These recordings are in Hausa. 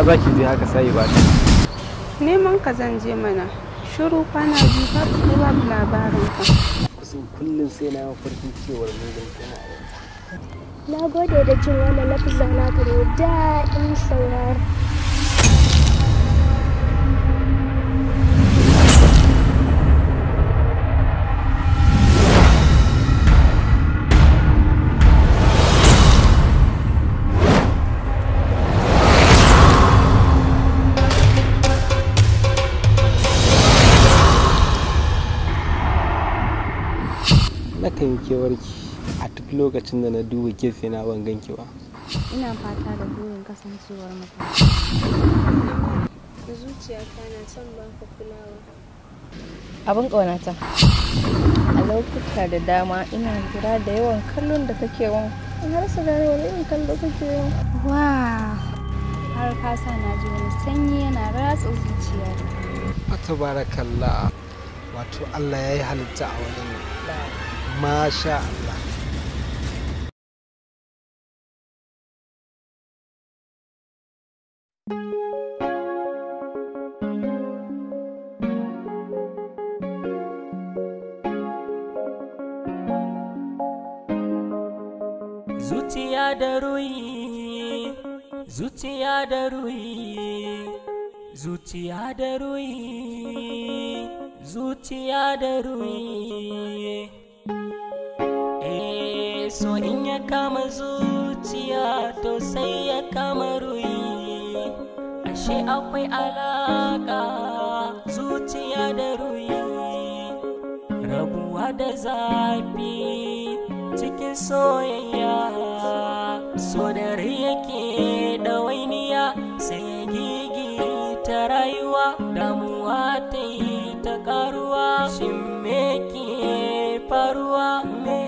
ina za ki je haka sai ba neman ka zan je mana shiru kwana biyu ba ku babu labarin ka kusan kullum sai na mafarkin cewar mugun tana na gode da cin wannan zana na da daɗin saurari jin kewarki a duk lokacin da na duba gefe na ban ganki ba ina fata da burin kasancewar mutum zuciyata na son baka kulawa abin ƙaunata a lokuta da dama ina jira da yawan kallon da kake wa in har su gane wani irin kallo kake wa wa har kasa na ji wani sanyi yana ratsa zuciya ta kalla, wato Allah ya yi halitta a wajen Masha Allah. Zuciya da ruhi, zuciya da ruhi, zuciya da ruhi, zuciya da ruhi. kama zuciya to sai ya kama ruyi ashe akwai alaka zuciya da ruyi rabuwa da zafi cikin soyayya so da yake ɗawainiya sai ya gigi ta rayuwa damuwa ta yi ta karuwa shi me ke faruwa me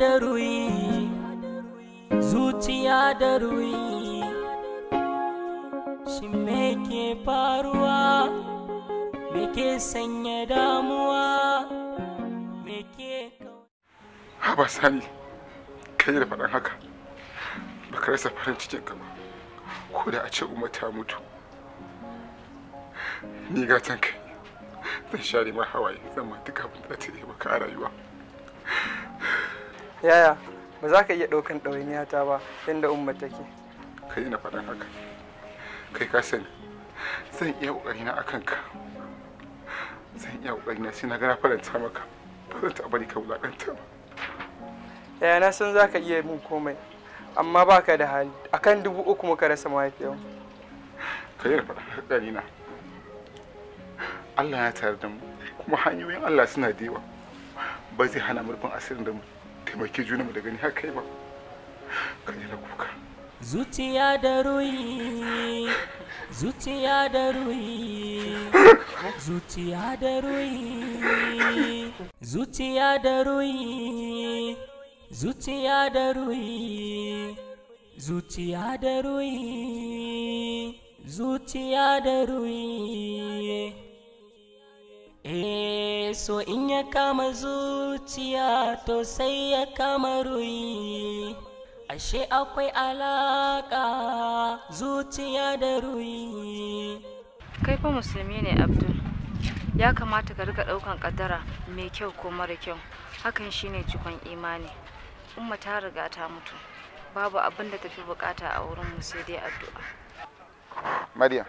da ruyi zuciya da ruyi shi me ke faruwa me ke sanya damuwa me ke haba sani kai da faɗan haka ba ka rasa farin cikin ka ba ko da a ce umar ta mutu ni gatan kai zan share ma hawaye zan ma duka abin da ta yi maka a rayuwa yaya ba za ka iya ɗaukan ɗawainiya ta ba inda umma take kai na faɗin haka kai ka sani zan iya ƙoƙari na akan ka zan iya ƙoƙari na sai na gana faranta maka ba zan taɓa bari ka wulaƙanta ba yaya na san za ka iya min komai amma ba ka da hali akan dubu uku muka rasa mahaifiyar ka yi rafa haka na Allah ya tare da mu kuma hanyoyin Allah suna da yawa ba zai hana murfin asirin da mu taimake juna mu da gani haka ba gani na kuka zuciya da ruhi zuciya da ruhi zuciya da ruhi zuciya da ruhi zuciya da ruhi zuciya da ruhi zuciya da ruhi eh so in ya kama zuciya to sai ya kama ruyi ashe akwai alaka zuciya da ruyi kai fa musulmi ne abdul ya kamata ka rika daukan kaddara mai kyau ko mara kyau hakan shine cikon imani umma ta riga ta mutu babu abin da tafi bukata a wurin mu sai dai addu'a maryam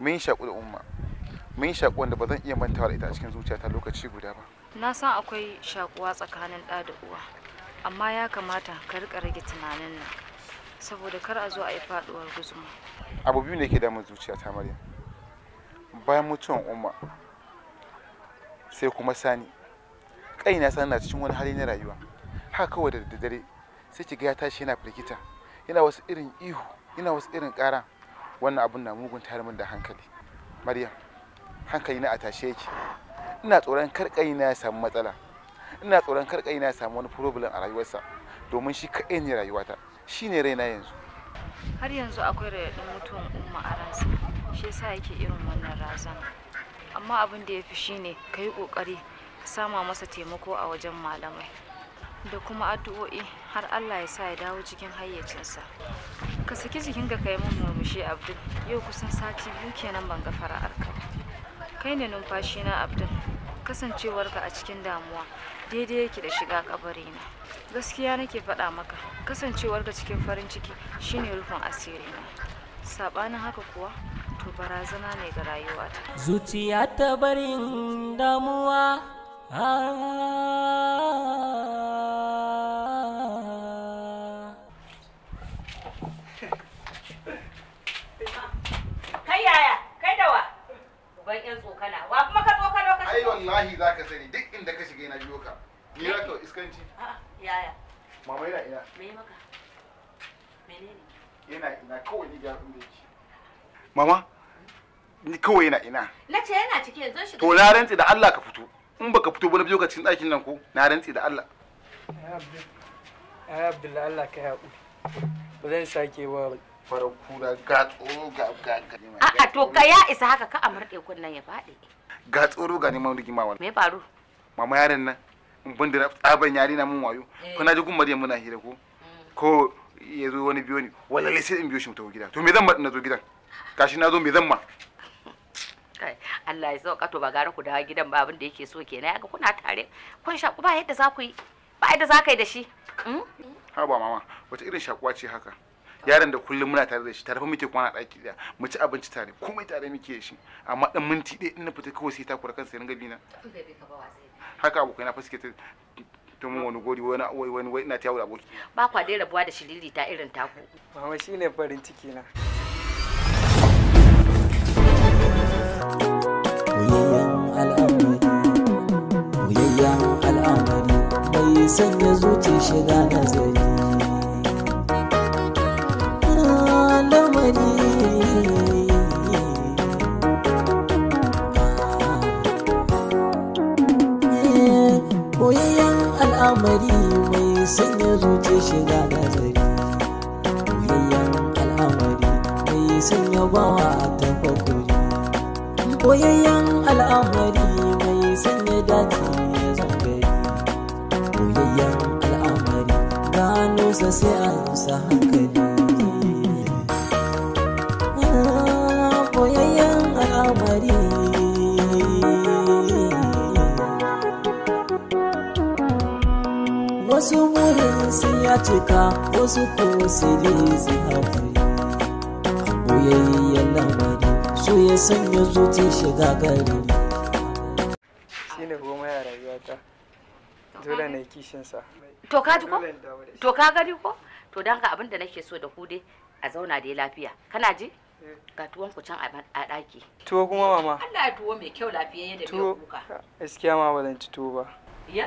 mun shaƙu da umma mun shakuwan da ba zan iya mantawa da ita a cikin zuciyata lokaci guda ba na san akwai shaƙuwa tsakanin ɗa da uwa amma ya kamata ka riƙa rage tunanin nan saboda kar a zo a yi faɗuwar guzuma abu biyu ne ke damun zuciyata maryam bayan mutuwan umma sai kuma sani na sani na cikin wani hali na rayuwa haka kawai da daddare sai ki ga ya tashi yana firgita yana wasu irin ihu yana wasu irin ƙara wannan abun na mugun tayar da hankali maryam hankali na a tashe yake ina tsoron karkai na ya samu matsala ina tsoron karkai na ya samu wani problem a rayuwarsa domin shi kaɗai ne rayuwata shi ne raina yanzu har yanzu akwai raɗaɗin mutuwan umma a ransa shi yasa yake irin wannan razan amma abin da ya fi ne ka yi ƙoƙari ka sama masa taimako a wajen malamai da kuma addu'o'i har Allah ya sa ya dawo cikin hayyacinsa ka saki jikinka ka yi mun murmushi abdul yau kusan sati biyu kenan ban ga arka. kai ne numfashina abdul kasancewarka a cikin damuwa daidai yake da shiga kabarina gaskiya nake faɗa maka kasancewarka cikin farin ciki shine rufin na saɓanin haka kuwa to barazana ne ga rayuwata zuciya ta barin damuwa ah. tsokana wa kuma ka tsokano ka ai wallahi zaka sani duk inda ka shiga na biyo ka ni ra ka iskanci a'a yaya mama yana ina me maka menene yana ina kawai ni ga inda yake mama ni kawai yana ina na ce yana ciki yanzu shi to na rantsi da Allah ka fito in baka fito ba na biyo ka cikin ɗakin nan ko na rantsi da Allah ai abdullahi Allah ka haƙuri ba zan sake ba farar kura ga tsoro ga ga a'a to ka ya isa haka ka a murɗe kunnan ya faɗi ga tsoro ga neman rigima wani me faru mama yaron nan in bin da tsaban yari na mun wayo eh. ko na ji gun maryam muna hira ko mm. ko ya zo wani biyo ni wallahi sai in biyo shi mu gida to me zan ma na zo gidan gashi na zo me zan ma Allah ya sauka to ba gara ku dawo gidan ba abin da yake so kenan yaga kuna tare kun shaku ba yadda za ku yi ba yadda za ka yi da shi hmm? ha ba mama wata irin shakuwa ce haka yaron da kullum muna tare da shi tare fa muke kwana daki da mu ci abinci tare komai tare muke shi amma dan minti dai in na fita kawai sai ta kura kansa ya ga bina haka abokai na fa ta ta mun wani gori wani wai wani wai ina ta yawo aboki ba kwa dai rabuwa da shiriri ta irin taku mama shine farin ciki na al'amari bai sanya zuci shiga nazari koyayyen al'amari mai sanya zuce shiga nazari koyayyen al'amari mai sanya bawa ta fakuri koyayyen al'amari mai sanya daji ya zangari koyayyen al'amari gano nusa sai a nusa hankali ah, koyayyen al'amari wasu muhimmi sun ya cika wasu ko sirri su haƙuri boyayyen lamari su ya sanya zuci shiga gari shi ne goma ya ta dole na sa to ka ji ko to ka gari ko to don ka abinda da nake so da hude a zauna da lafiya kana ji eh. ga tuwon ku can a daki. tuwo kuma mama Allah ya tuwo mai kyau lafiya yadda bai kuka tuwo gaskiya ma ba ci tuwo ba ya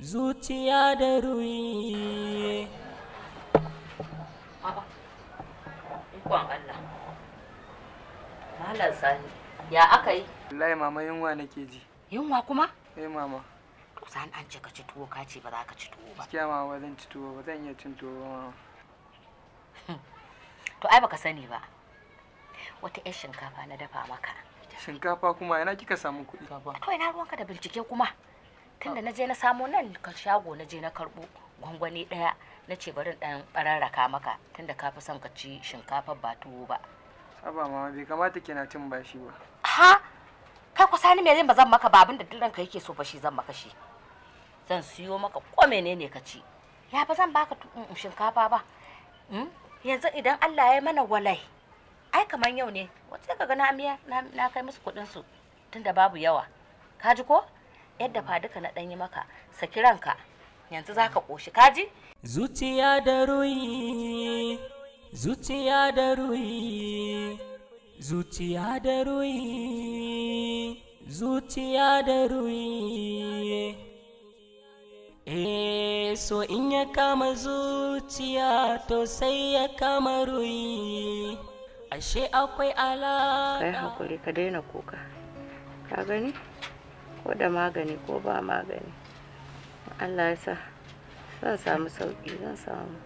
zuciya da ruyi Allah ya aka yi wallahi mama yunwa nake ji yunwa kuma eh mama sani an ce ka ci tuwo ka ce ba za ka ci tuwo ba gaskiya mama ba zan ci tuwo ba zan iya cin tuwo ba to ai baka sani ba wata 'yar shinkafa na dafa maka shinkafa kuma ina kika samu kuɗi to ina ruwanka da bincike kuma tunda na je na samo nan shago na je na karbo gwangwani daya na ce barin dan bararraka maka tunda ka fi son ka ci shinkafa ba tuwo ba haba mama bai kamata kina cin bashi ba ha kai kusa sani me zan zan maka ba abinda duk ranka yake so fa shi zan maka shi zan siyo maka ko menene ka ci ya ba zan baka mm, mm, shinkafa ba hmm? yanzu idan Allah ya mana walai ai kamar yau ne wace ka ga na amiya na kai musu kudin su tunda babu yawa ka ji ko yadda fa duka na danyi maka saki ranka yanzu zaka koshi kaji zuciya da ruhi zuciya da ruhi zuciya da ruhi zuciya da ruhi eh so in ya kama zuciya to sai ya kama ruyi ashe akwai ala kai hakuri ka daina kuka ka gani ko da magani ko ba magani Allah ya sa zan samu sauki zan samu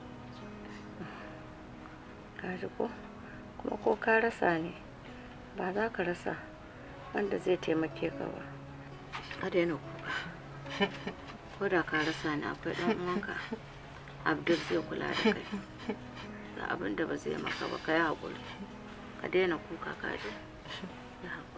kaji ko kuma ko ka rasa ne ba za ka rasa wanda zai taimake ka ba a daina kuka ko da ka rasa ne akwai dan uwanka abdul zai kula da kai da abin da ba zai maka ba ka yi haƙuri ka daina kuka kaji ya haƙuri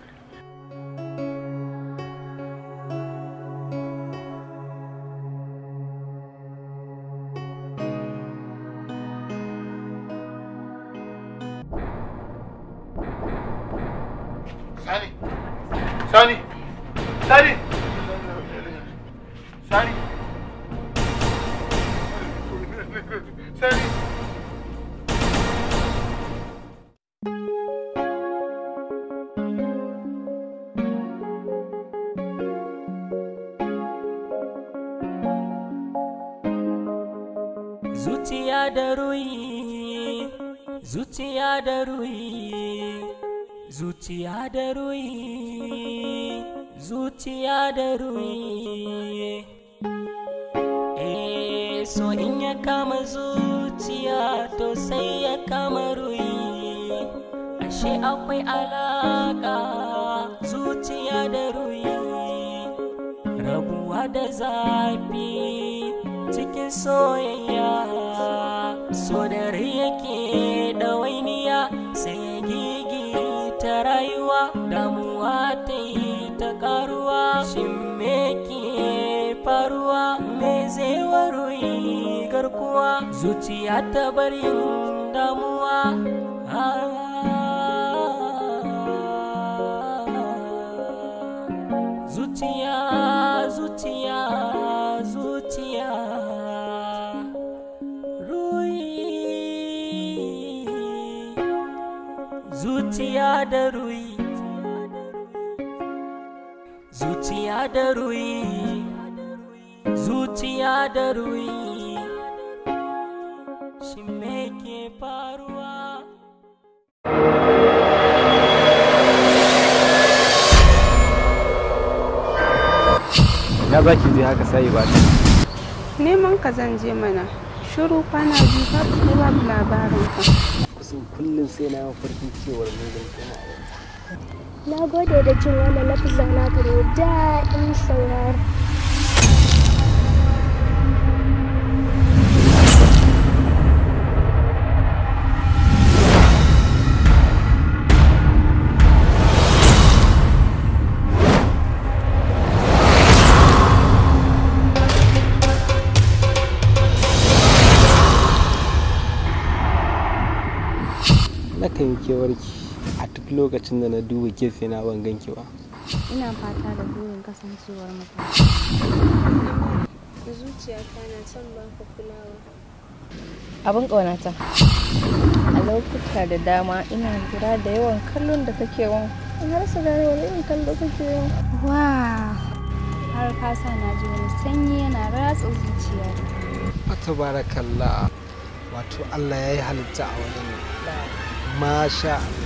Sani. Sani. Sani. Sani. Sani. Zuciya da ruhi, zuciya da ruhi. zuciya da ruhi zuciya da ruhi eh, so in ya kama zuciya to sai ya kama ruhi ashe akwai alaka zuciya da ruhi rabuwa da zafi cikin soyayya so da yake rayuwa damuwa ta yi ta karuwa shin me ke faruwa me zai waro yi garkuwa zuciya ta bari damuwa zuciya zuciya zuciya zuciya da ruwa da ruyi zuciya da ruyi shi me ke faruwa ya za ki je haka sai ba neman ka zan je mana shiru kwana biyu ta ko babu labarin ka kusan kullum sai na yi mafarkin cewar mun gani kana Na gode da jin wannan lafizan naka mai daɗin saurara. Nakan kewarki. lokacin da na duba gefe na ban ganki ba ina fata da burin kasancewar mutum zuciyata na son baka kulawa abin ƙaunata a lokuta da dama ina lura da yawan kallon da kake wan in har su gane wani irin kallo kake yi. wa har ka na ji wani sanyi yana ratsa zuciya a tabarakalla wato allah ya yi halitta a wajen masha